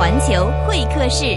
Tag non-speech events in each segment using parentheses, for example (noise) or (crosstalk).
環球會客室。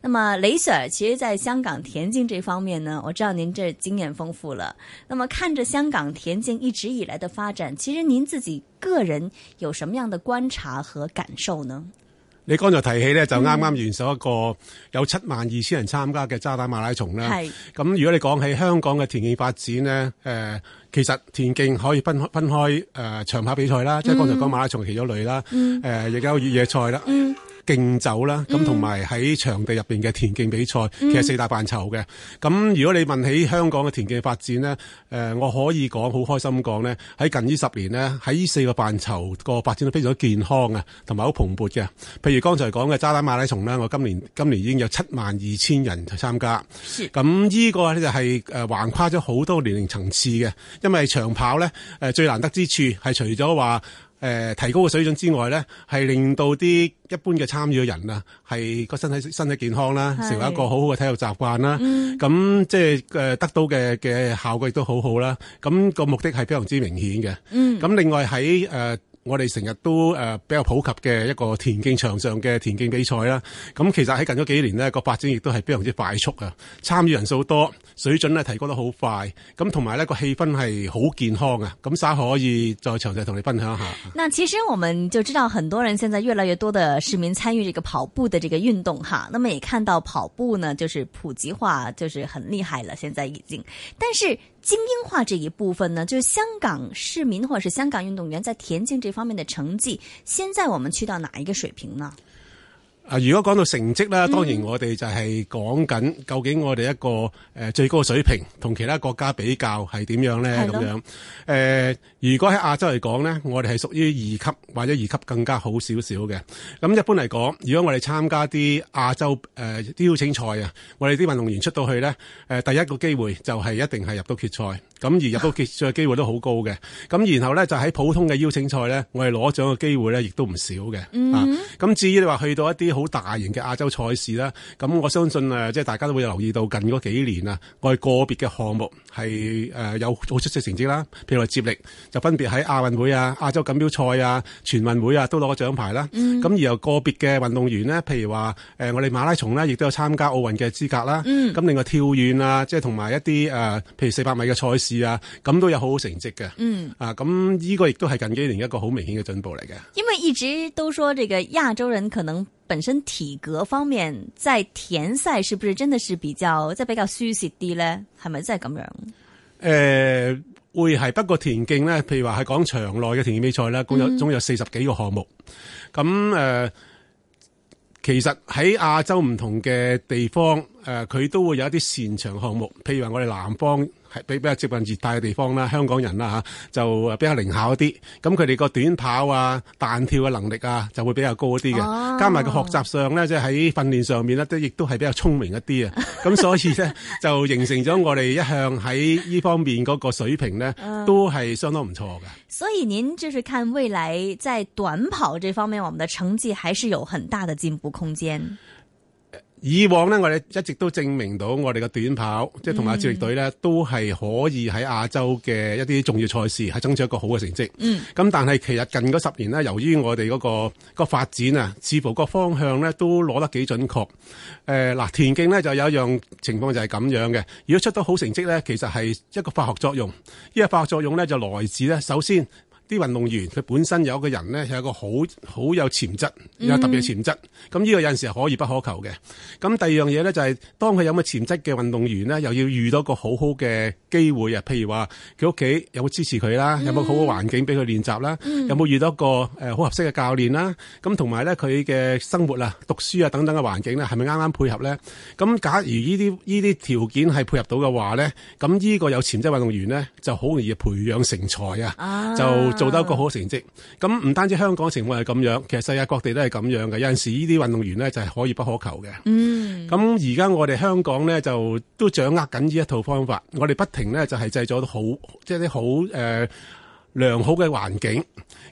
那麼李 Sir，其實在香港田徑這方面呢，我知道您這經驗豐富了。那麼看着香港田徑一直以來的發展，其實您自己個人有什麼樣的觀察和感受呢？你剛才提起呢，就啱啱完成一個有七萬二千人參加嘅渣打馬拉松啦。係咁，如果你講起香港嘅田徑發展呢，誒、呃，其實田徑可以分分開誒、呃，長跑比賽啦，嗯、即係剛才講馬拉松、係其中一類啦，誒、嗯，亦、呃、有越野賽啦。嗯競走啦，咁同埋喺場地入邊嘅田徑比賽，其實四大範疇嘅。咁、嗯、如果你問起香港嘅田徑發展呢，誒，我可以講好開心講呢，喺近呢十年呢，喺呢四個範疇個發展都非常之健康啊，同埋好蓬勃嘅。譬如剛才講嘅渣打馬拉松呢，我今年今年已經有七萬二千人參加。是。咁呢個呢，就係誒橫跨咗好多年齡層次嘅，因為長跑呢，誒最難得之處係除咗話。誒提高個水準之外咧，係令到啲一般嘅參與嘅人啊，係個身體身體健康啦，成為一個好好嘅體育習慣啦。咁即係誒得到嘅嘅效果亦都好好啦。咁個目的係非常之明顯嘅。嗯。咁另外喺誒。我哋成日都誒比較普及嘅一個田徑場上嘅田徑比賽啦，咁其實喺近咗幾年咧個發展亦都係非常之快速啊，參與人數多，水準咧提高得好快，咁同埋咧個氣氛係好健康啊，咁稍後可以再詳細同你分享一下。那其實我們就知道，很多人現在越來越多的市民參與這個跑步的這個運動哈，那麼也看到跑步呢，就是普及化就是很厲害了，現在已經，但是精英化這一部分呢，就是、香港市民或者是香港運動員在田徑這。方面的成績，現在我們去到哪一個水平呢？啊！如果講到成績咧，當然我哋就係講緊究竟我哋一個誒最高嘅水平同其他國家比較係點樣咧？咁樣誒，如果喺亞洲嚟講咧，我哋係屬於二級或者二級更加好少少嘅。咁一般嚟講，如果我哋參加啲亞洲誒啲邀請賽啊，我哋啲運動員出到去咧，誒第一個機會就係一定係入到決賽。咁而入到決賽嘅機會都好高嘅。咁然後咧就喺普通嘅邀請賽咧，我哋攞獎嘅機會咧亦都唔少嘅。嗯。咁至於你話去到一啲，好大型嘅亞洲賽事啦，咁我相信誒，即、呃、係大家都會留意到近嗰幾年啊，我哋個別嘅項目係誒、呃、有好出色成績啦。譬如話接力就分別喺亞運會啊、亞洲錦標賽啊、全運會啊都攞咗獎牌啦。咁、嗯、而由個別嘅運動員呢，譬如話誒、呃、我哋馬拉松呢，亦都有參加奧運嘅資格啦。咁、嗯、另外跳遠啊，即係同埋一啲誒、呃，譬如四百米嘅賽事啊，咁都有好好成績嘅。嗯，啊咁呢個亦都係近幾年一個好明顯嘅進步嚟嘅。因為一直都說這個亞洲人可能。本身體格方面，在田賽是不是真的是比較即係比較舒適啲咧？係咪真係咁樣？誒、呃，會係不過田徑咧，譬如話係講場內嘅田徑比賽啦，總有總有四十幾個項目。咁、mm、誒 -hmm. 嗯呃，其實喺亞洲唔同嘅地方誒，佢、呃、都會有一啲擅長項目，譬如話我哋南方。係比比較接近熱帶嘅地方啦，香港人啦嚇就比較靈巧一啲，咁佢哋個短跑啊、彈跳嘅能力啊就會比較高一啲嘅，哦，加埋個學習上咧，即係喺訓練上面咧都亦都係比較聰明一啲啊，咁所以咧就形成咗我哋一向喺呢方面嗰個水平咧都係相當唔錯嘅， (laughs) 嗯。所以您就是看未來在短跑這方面，我們的成績還是有很大的進步空間。以往呢，我哋一直都證明到我哋嘅短跑，嗯、即係同埋接力隊呢，都係可以喺亞洲嘅一啲重要賽事係爭取一個好嘅成績。嗯，咁但係其實近嗰十年呢，由於我哋嗰個個發展啊，似乎個方向呢都攞得幾準確。誒嗱，田徑呢就有一樣情況就係咁樣嘅。如果出到好成績呢，其實係一個化學作用，呢個化學作用呢，就來自呢——首先。啲運動員佢本身有，呢有一個人咧，係一個好好有潛質，有特別嘅潛質。咁呢個有陣時係可遇不可求嘅。咁第二樣嘢咧就係、是，當佢有咁嘅潛質嘅運動員咧，又要遇到一個好好嘅機會啊。譬如話，佢屋企有冇支持佢啦、嗯？有冇好嘅環境俾佢練習啦、嗯？有冇遇到一個誒好合適嘅教練啦？咁同埋咧，佢嘅生活啊、讀書啊等等嘅環境咧，係咪啱啱配合咧？咁假如呢啲呢啲條件係配合到嘅話咧，咁呢個有潛質運動員咧就好容易培養成才啊！就做得一個好成績，咁唔單止香港嘅情況係咁樣，其實世界各地都係咁樣嘅。有陣時呢啲運動員呢就係可遇不可求嘅。嗯，咁而家我哋香港呢就都掌握緊呢一套方法，我哋不停呢就係製造好即係啲好誒。呃良好嘅環境，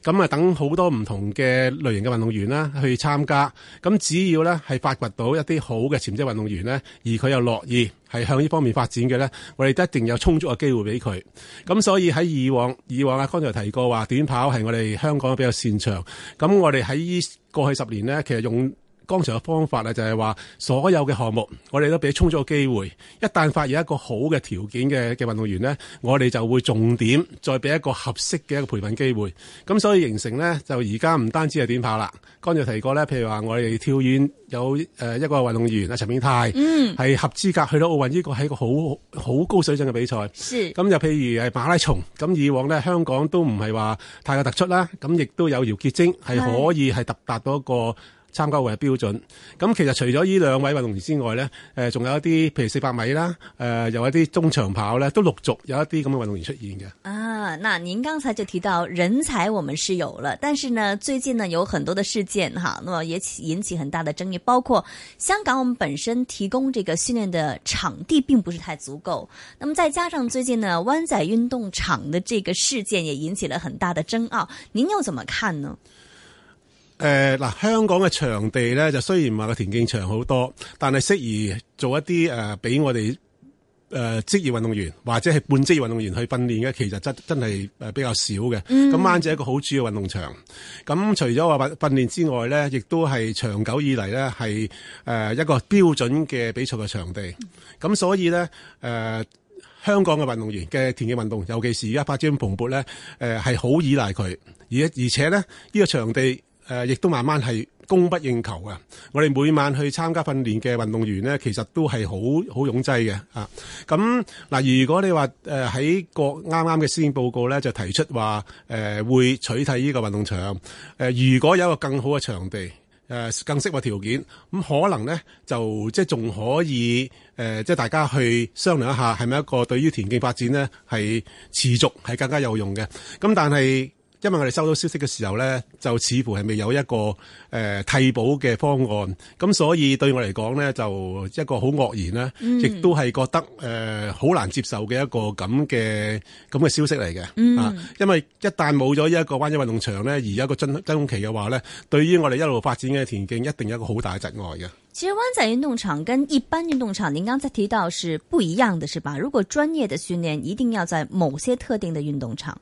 咁啊等好多唔同嘅類型嘅運動員啦去參加，咁只要咧係發掘到一啲好嘅潛質運動員咧，而佢又樂意係向呢方面發展嘅咧，我哋都一定有充足嘅機會俾佢。咁所以喺以往，以往啊剛才提過話短跑係我哋香港比較擅長，咁我哋喺過去十年呢，其實用，剛才嘅方法咧，就係話所有嘅項目，我哋都俾充足嘅機會。一旦發現一個好嘅條件嘅嘅運動員呢，我哋就會重點再俾一個合適嘅一個培訓機會。咁所以形成呢，就而家唔單止係短跑啦。剛才提過呢，譬如話我哋跳遠有誒一個運動員阿陳銘泰，嗯，係合資格去到奧運。呢個係一個好好高水準嘅比賽。是咁又譬如係馬拉松咁，以往呢，香港都唔係話太過突出啦。咁亦都有姚潔貞係可以係突達到一個。參加會嘅標準，咁其實除咗呢兩位運動員之外呢，誒仲有一啲，譬如四百米啦，誒、呃、有一啲中長跑呢，都陸續有一啲咁嘅運動員出現嘅。啊，那您剛才就提到人才，我們是有了，但是呢，最近呢有很多的事件哈，那麼也引起很大的爭議，包括香港，我們本身提供這個訓練的場地並不是太足夠，那麼再加上最近呢灣仔運動場的這個事件也引起了很大的爭拗，您又怎麼看呢？誒，嗱，香港嘅場地咧，就雖然話個田徑場好多，但係適宜做一啲誒，俾、呃、我哋誒職業運動員或者係半職業運動員去訓練嘅，其實真真係誒比較少嘅。咁灣仔一個好主要運動場。咁、嗯嗯、除咗話訓訓練之外咧，亦都係長久以嚟咧係誒一個標準嘅比賽嘅場地。咁、嗯、所以咧，誒、呃、香港嘅運動員嘅田徑運動，尤其是而家發展蓬勃咧，誒係好依賴佢。而而且咧呢、這個場地。誒，亦都慢慢係供不應求嘅。我哋每晚去參加訓練嘅運動員呢，其實都係好好擁擠嘅。啊，咁嗱，如果你話誒喺個啱啱嘅施政報告呢，就提出話誒會取締呢個運動場。誒，如果有一個更好嘅場地，誒更適合條件，咁可能呢就即係仲可以誒，即係大家去商量一下，係咪一個對於田徑發展呢係持續係更加有用嘅？咁但係，因為我哋收到消息嘅時候呢，就似乎係未有一個誒、呃、替補嘅方案，咁所以對我嚟講呢，就一個好愕然啦，亦、嗯、都係覺得誒好、呃、難接受嘅一個咁嘅咁嘅消息嚟嘅，、嗯。啊，因為一旦冇咗一個灣仔運動場呢，而有一個真空期嘅話呢，對於我哋一路發展嘅田徑一定有一個好大嘅窒礙嘅。其實灣仔運動場跟一般運動場，你剛才提到是不一樣嘅，是吧？如果專業的訓練一定要在某些特定嘅運動場。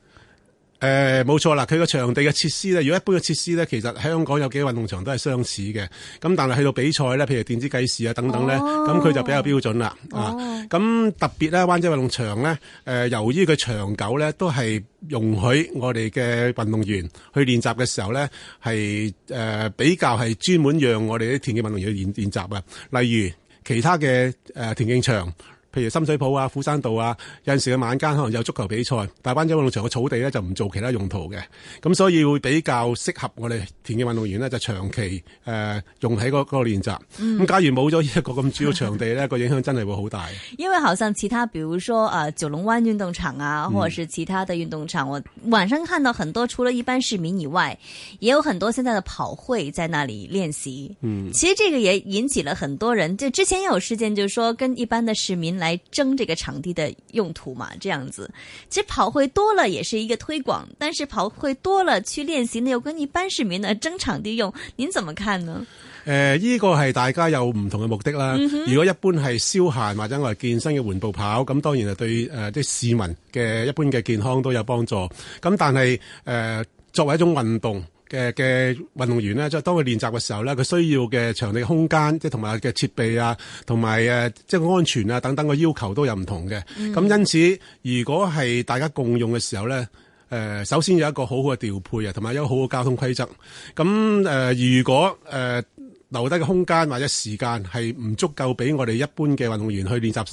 誒、呃，冇錯啦，佢個場地嘅設施咧，如果一般嘅設施咧，其實香港有幾個運動場都係相似嘅，咁但係去到比賽咧，譬如電子計時啊等等咧，咁、哦、佢就比較標準啦、哦。啊，咁特別咧，灣仔運動場咧，誒、呃，由於佢長久咧，都係容許我哋嘅運動員去練習嘅時候咧，係誒、呃、比較係專門讓我哋啲田徑運動員去練練習啊。例如其他嘅誒、呃、田徑場。譬如深水埗啊、斧山道啊，有陣時嘅晚間可能有足球比賽，大班洲運動場嘅草地咧就唔做其他用途嘅，咁所以會比較適合我哋田徑運動員咧就長期誒、呃、用喺個個練習。咁、嗯、假如冇咗一個咁主要場地咧，嗯，那個影響真係會好大。因為好像其他，比如說啊、呃，九龍灣運動場啊，或者是其他的運動場、嗯，我晚上看到很多，除咗一般市民以外，也有很多現在的跑會在那裏練習，嗯，其實這個也引起了很多人，就之前有事件，就是說跟一般的市民。來爭這個場地的用途嘛，這樣子，其實跑會多了也是一個推廣，但是跑會多了去練習呢，又跟一般市民呢爭場地用，您怎麼看呢？誒、呃，呢、這個係大家有唔同嘅目的啦、嗯。如果一般係消閒或者我嚟健身嘅緩步跑，咁當然係對誒、呃、市民嘅一般嘅健康都有幫助。咁但係誒、呃、作為一種運動。嘅嘅運動員咧，即係當佢練習嘅時候咧，佢需要嘅場地空間，即係同埋嘅設備啊，同埋誒即係安全啊等等嘅要求都有唔同嘅。咁、嗯、因此，如果係大家共用嘅時候咧，誒首先有一個好好嘅調配啊，同埋一個好好交通規則。咁誒，如果誒。留低嘅空間或者時間係唔足夠俾我哋一般嘅運動員去練習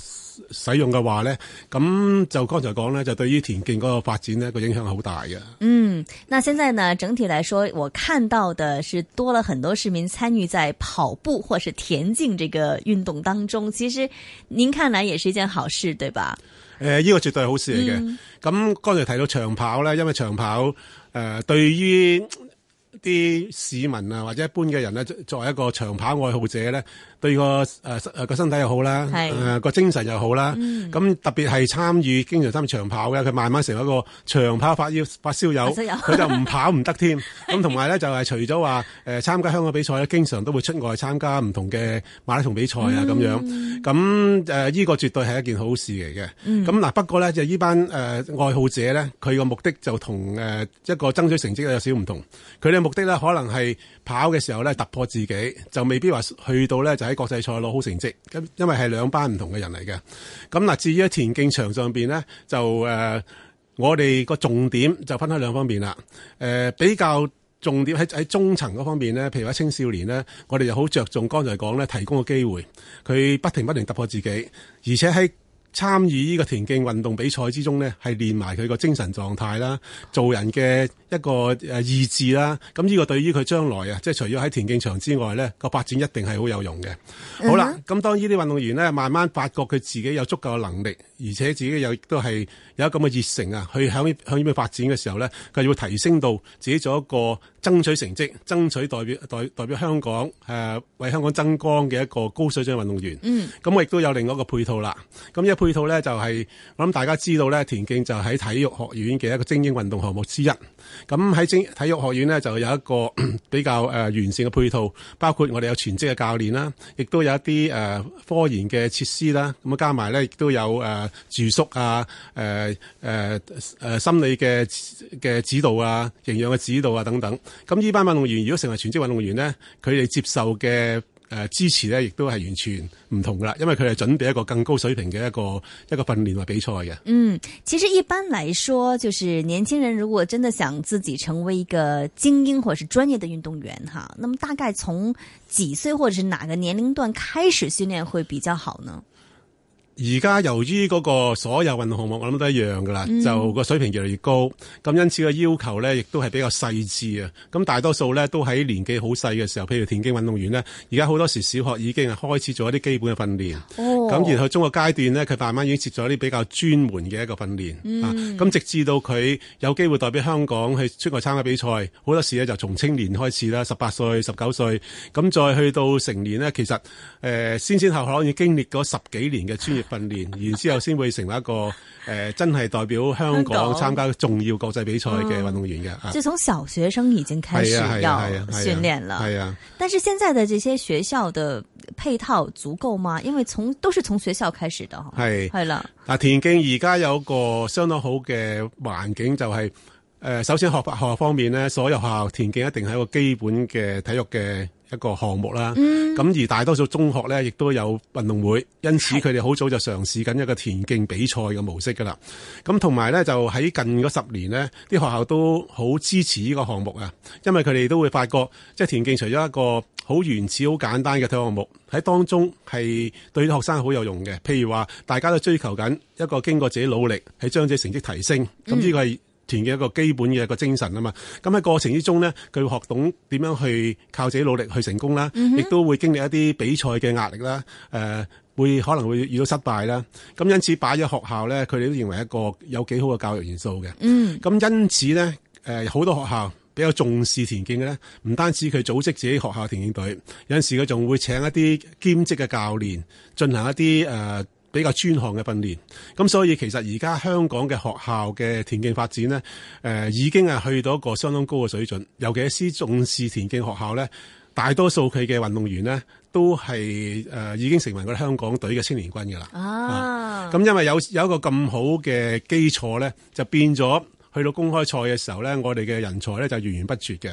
使用嘅話呢，咁就剛才講呢，就對於田徑嗰個發展呢個影響好大嘅。嗯，那現在呢，整體來說，我看到的是多了很多市民參與在跑步或是田徑這個運動當中。其實，您看來也是一件好事，對吧？誒、呃、呢、這個絕對係好事嚟嘅。咁、嗯、剛、嗯、才提到長跑呢，因為長跑誒、呃、對於。啲市民啊，或者一般嘅人咧，作為一個長跑愛好者咧。對個誒誒個身體又好啦，係、誒個精神又好啦。咁、嗯、特別係參與經常參與長跑嘅，佢慢慢成為一個長跑發燒發燒友。佢 (laughs) 就唔跑唔得添。咁同埋咧就係、是、除咗話誒參加香港比賽咧，經常都會出外參加唔同嘅馬拉松比賽啊咁、嗯、樣，咁誒呢個絕對係一件好事嚟嘅。咁、嗯、嗱不過咧就呢班誒、呃、愛好者咧，佢個目的就同誒、呃、一個爭取成績有少唔同。佢哋嘅目的咧可能係跑嘅時候咧突破自己，就未必話去到咧就喺。國際賽攞好成績，咁因為係兩班唔同嘅人嚟嘅。咁嗱，至於喺田徑場上邊咧，就誒、呃，我哋個重點就分開兩方面啦。誒、呃，比較重點喺喺中層嗰方面咧，譬如話青少年咧，我哋就好着重剛才講咧，提供個機會，佢不停不停突破自己，而且喺。參與呢個田徑運動比賽之中呢，係練埋佢個精神狀態啦，做人嘅一個誒意志啦。咁呢個對於佢將來啊，即係除咗喺田徑場之外呢，個發展一定係好有用嘅。好啦，咁、uh -huh. 當呢啲運動員呢，慢慢發覺佢自己有足夠嘅能力，而且自己又都係有一咁嘅熱誠啊，去向向呢邊發展嘅時候呢，佢要提升到自己做一個爭取成績、爭取代表代代表香港誒、呃、為香港增光嘅一個高水準運動員。嗯，咁我亦都有另外一個配套啦。咁一配套咧就係、是、我諗大家知道咧，田徑就喺體育學院嘅一個精英運動項目之一。咁喺精體育學院咧，就有一個比較誒完善嘅配套，包括我哋有全職嘅教練啦，亦都有一啲誒科研嘅設施啦。咁啊，加埋咧亦都有誒住宿啊、誒、啊、誒、啊、心理嘅嘅指導啊、營養嘅指導啊等等。咁呢班運動員如果成為全職運動員咧，佢哋接受嘅。誒、呃、支持呢亦都係完全唔同噶啦，因為佢係準備一個更高水平嘅一個一個訓練或比賽嘅。嗯，其實一般來說，就是年輕人如果真的想自己成為一個精英或者是專業的運動員哈，那麼大概從幾歲或者是哪個年齡段開始訓練會比較好呢？而家由於個所有運動項目，我諗都一樣噶啦，就個水平越嚟越高，咁因此個要求咧，亦都係比較細緻啊！咁大多數咧，都喺年紀好細嘅時候，譬如田徑運動員咧，而家好多時小學已經開始做一啲基本嘅訓練，咁、哦、然後中個階段咧，佢慢慢已經設咗啲比較專門嘅一個訓練、嗯、啊！咁直至到佢有機會代表香港去出外參加比賽，好多時咧就從青年開始啦，十八歲十九歲咁再去到成年咧，其實誒、呃、先先後後可能已經經歷咗十幾年嘅專業。訓練，然之後先會成為一個誒、呃，真係代表香港參加重要國際比賽嘅運動員嘅、嗯。就從小學生已經開始要訓練啦，係啊，啊，啊，啊，啊，啊。但是現在的這些學校的配套足夠嗎？因為從都是從學校開始的，哈，係，係啦。嗱，田徑而家有個相當好嘅環境，就係、是。誒、呃，首先學法學校方面呢，所有學校田徑一定係一個基本嘅體育嘅一個項目啦。咁、嗯、而大多數中學呢，亦都有運動會，因此佢哋好早就嘗試緊一個田徑比賽嘅模式噶啦。咁同埋呢，就喺近嗰十年呢，啲學校都好支持呢個項目啊，因為佢哋都會發覺，即係田徑除咗一個好原始、好簡單嘅體育項目，喺當中係對學生好有用嘅。譬如話，大家都追求緊一個經過自己努力，係將自己成績提升。咁呢個係。團嘅一個基本嘅一個精神啊嘛，咁喺過程之中咧，佢會學懂點樣去靠自己努力去成功啦，亦、mm -hmm. 都會經歷一啲比賽嘅壓力啦，誒、呃、會可能會遇到失敗啦，咁因此擺咗學校咧，佢哋都認為一個有幾好嘅教育元素嘅，咁、mm -hmm. 因此咧，誒、呃、好多學校比較重視田徑嘅咧，唔單止佢組織自己學校田徑隊，有陣時佢仲會請一啲兼職嘅教練進行一啲誒、呃比較專項嘅訓練，咁所以其實而家香港嘅學校嘅田徑發展呢，誒、呃、已經係去到一個相當高嘅水準。尤其係重視田徑學校呢，大多數佢嘅運動員呢，都係誒、呃、已經成為我哋香港隊嘅青年軍噶啦。啊！咁、啊、因為有有一個咁好嘅基礎呢，就變咗去到公開賽嘅時候呢，我哋嘅人才呢，就源源不絕嘅。